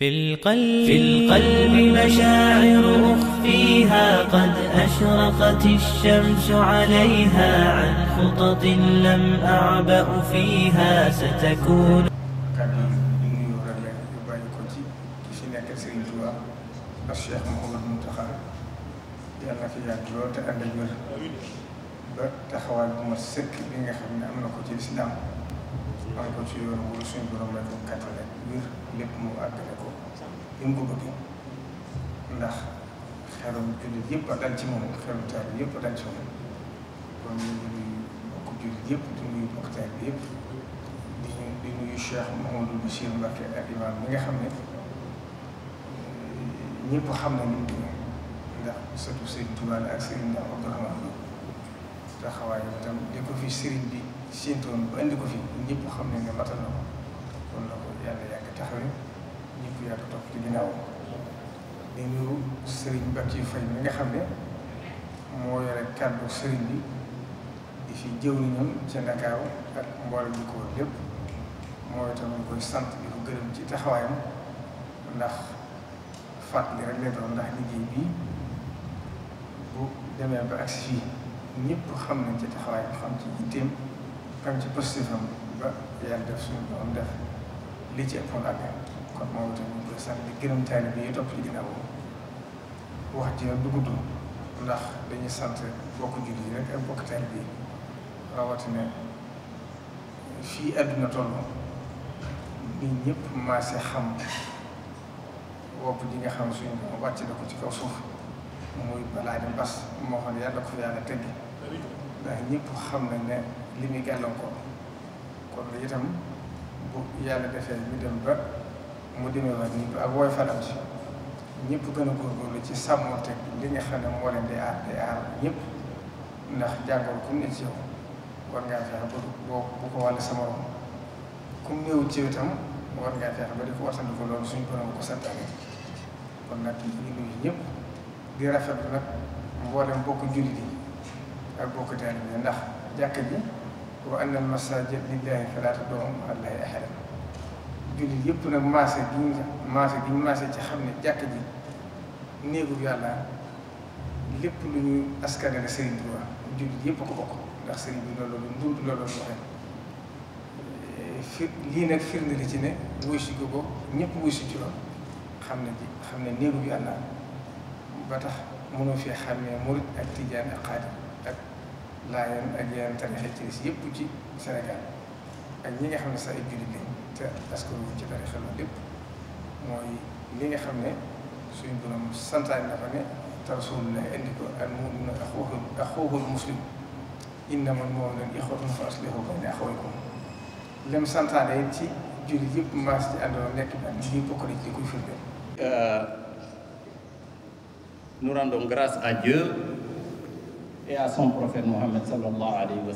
في القلب في القلب مشاعر أخفيها قد أشرقت الشمس عليها عن خطط لم أعبأ فيها ستكون الشيخ محمد منتخب yàlla fi yàgg lool te ànd ak wér ba taxawaay bu ma sëkk bi nga xam ne am na ko ci lislaam am ko ci yoon wala suñu borom la ko kàttan ak wér lépp mu àggale ko li mu ko bëggee ndax xelum jullit yëpp a dal ci moom xelum taalibe yëpp a dal ci moom kon ñu ngi nuyu bokk jullit yëpp di nuyu bokk taalibe yëpp di nuyu di nuyu Cheikh Mouhamadou Bachir Mbacké ak imaam mi nga xam ne eh, ñëpp xam na ndax surtout Serigne taxawaay bi tam di ko fi Serigne bi séentoon ba indi ko fi ñëpp xam ne nga matal na ko kon la ko yàlla yàgg taxawee. ñu ngi ko yàgg topp ci ginnaaw di nuyu sëriñ Bathie Faye mi nga xam ne moo yore kàddu sëriñ bi di fi jëw ni ñoom ci Ndakaaru ak mboolem bi ko lépp mooy tam koy sant di ko gërëm ci taxawaayam ndax fàttali rek la ndax liggéey bi bu demee ba agsi fii ñëpp xam nañ ci taxawaayam xam ci yitteem xam ci positifam ba yàlla def suñu doon def li ci ëppoon ak kon moom itam ñu ngi koy sant di gërëm taalibe bi yi topp ci ginnaaw wax ji nag du ndax dañuy sant bokk jullit yi rek ak bokk taalibe bi rawatina fii àdduna toll nit ñëpp maase xam wopp ji nga xam suñu wàcc na ko ci kaw suuf muy balaa di mbas moo xam yàlla ko yàlla tegg ndax ñëpp xam nañ ne li muy gàllankoor kon itam bu yàlla defee ñu dem ba mu demee woon nii ak woy fanam si ñëpp gën a góorgóorlu ci sàmmonte li nga xam ne moo leen di aar di aar ñëpp ndax jàngoor ku ne ci yow war ngaa fexe ba boo bu ko di ko watandiku loolu suñu borom ko santaane kon nag ñu nuyu ñëpp di rafetlu nag mboolem bokk jullit yi ak bokk taalibe yi ndax jàkk ji wa anna al masajid lillahi falaa tad'u ma'a llahi jullit yëpp nag maase gi ñu maase gi maase ci xam ne jàkk ji néegu yàlla lépp lu ñu askanale sëriñ bi waa jullit yëpp ko bokk ndax sëriñ bi loolu lu ndund loolu lu waxee fir lii nag firnde li ci ne wuy si ko ko ñëpp wuy si ci loolu xam ne ji xam ne néegu yàlla ba tax mënoo fee xàmmee murit ak tijaan ak xaadim ak laayeen ak yeneen tarixe ci des yëpp ci Sénégal ak ñi nga xam ne sax ay jullit lañ parce que wi ci tarixa la lépp mooy li nga xam ne suñ borom santaane dafa ne te rasulullah indi ko al mu'minu axuhul axuhul muslim innama al mu'minu ixwatun fa aslihu bayna axawaykum lem santaane ci jullit yëpp maas ci àndoon nekk bi ak lii bokk na ci li koy firnde euh, nous grâce à Dieu et à son prophète Mohammed sallallahu alayhi wa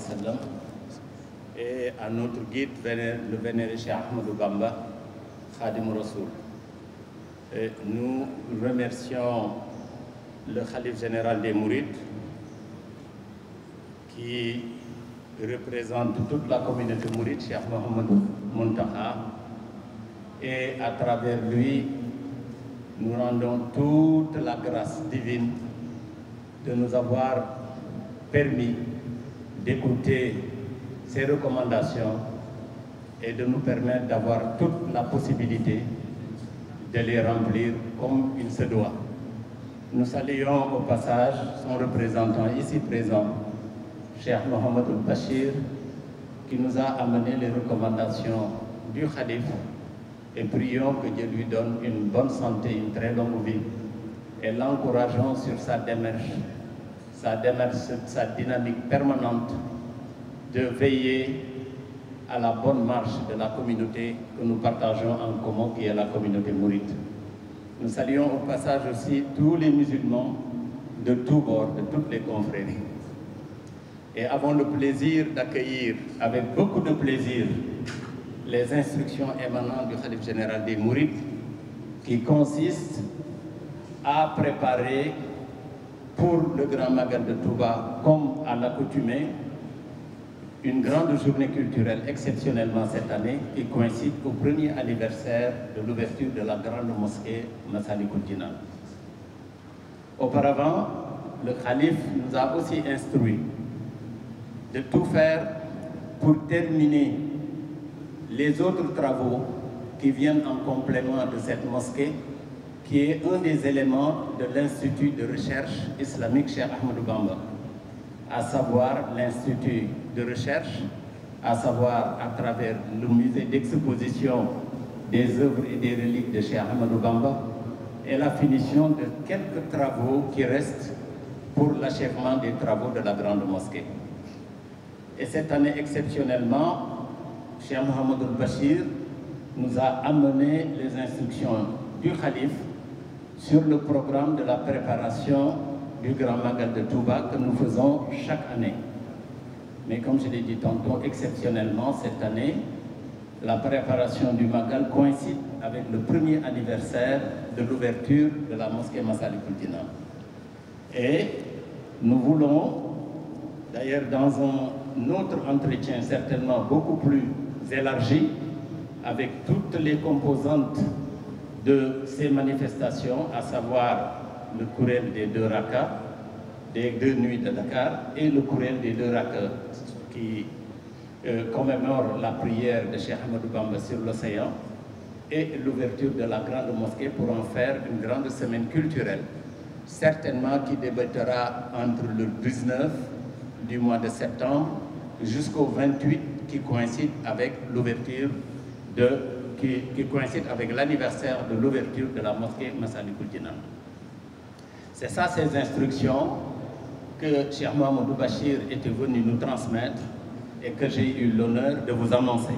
et à notre guide, le vénéré Cheikh Ahmadou Bamba, Khadim Rasoul. Et nous remercions le Khalif général des Mourides qui représente toute la communauté mouride, Cheikh Mohamed Montaha. Et à travers lui, nous rendons toute la grâce divine de nous avoir permis d'écouter ces recommandations et de nous permettre d'avoir toute la possibilité de les remplir comme il se doit. Nous saluons au passage son représentant ici présent, Cheikh Mohamed Bachir, qui nous a amené les recommandations du Khalif et prions que Dieu lui donne une bonne santé, très longue vie et l'encourageons sur sa démarche, sa démarche, permanente de veiller à la bonne marche de la communauté que nous partageons en commun, qui est la communauté mourite. Nous saluons au passage aussi tous les musulmans de tous bords, de toutes les confréries. Et avons le plaisir d'accueillir avec beaucoup de plaisir les instructions émanant du Khalif général des Mourites qui consistent à préparer pour le grand magal de Touba, comme à l'accoutumée, une grande journée culturelle exceptionnellement cette année qui coïncide au premier anniversaire de l'ouverture de la grande mosquée Massalikul Jinan. Auparavant, le calife nous a aussi instruit de tout faire pour terminer les autres travaux qui viennent en complément de cette mosquée qui est un des éléments de l'Institut de recherche islamique Cheikh Ahmadou Bamba, à savoir l'Institut de recherche, à savoir à travers le musée d'exposition des œuvres et des reliques de Cheikh Ahmadou Bamba, et la finition de quelques travaux qui restent pour l'achèvement des travaux de la Grande Mosquée. Et cette année, exceptionnellement, Cheikh Mohamed Bachir nous a amené les instructions du calife sur le programme de la préparation du Grand Magal de Touba que nous faisons chaque année. Mais comme je l'ai dit tantôt, exceptionnellement, cette année, la préparation du Magal coïncide avec le premier anniversaire de l'ouverture de la mosquée Massalikul Dina. Et nous voulons, d'ailleurs dans un autre entretien certainement beaucoup plus élargi, avec toutes les composantes de ces manifestations, à savoir le courriel des deux rakas, des deux nuits de Dakar et des deux rakas qui euh, commémore la de Cheikh Ahmadou Bamba sur l'océan et l'ouverture de la grande mosquée pour en faire une grande semaine culturelle, certainement qui entre le 19 du mois de septembre jusqu'au 28 qui coïncide avec l'ouverture de qui, qui coïncide avec l'anniversaire de l'ouverture de la mosquée Massalikul Jinan. C'est ça ces instructions que Cheikh Mahamadou Bachir était venu nous transmettre et que j'ai eu l'honneur de vous annoncer.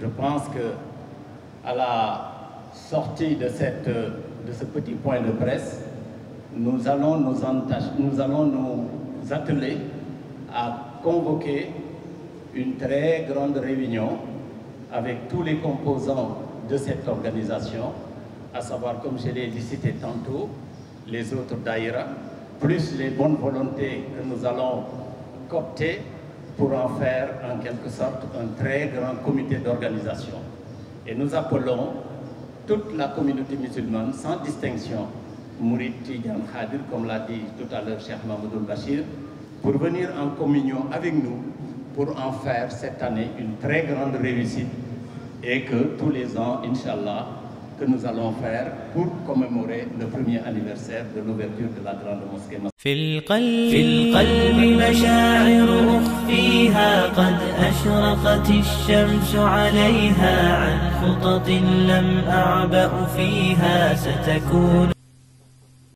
Je pense que à la sortie de, cette, de ce petit point de presse, nous allons nous, entacher, nous allons nous atteler à convoquer une très grande réunion avec tous les composants de cette organisation, à savoir, comme je l'ai dit tantôt, les autres daïras, plus les bonnes volontés que nous allons coopter pour en faire en quelque sorte un très grand comité d'organisation. Et nous appelons toute la communauté musulmane, sans distinction, Mourid Tidjan Khadir, comme l'a dit tout à l'heure Cheikh Mahmoud Bachir, pour venir en communion avec nous pour en faire cette année une très grande réussite et que tous les ans, allah que nous allons faire pour commémorer le premier anniversaire de l'ouverture de la grande mosquée. في القلب في القلب مشاعر أخفيها قد أشرقت الشمس عليها عن خطط لم أعبأ فيها ستكون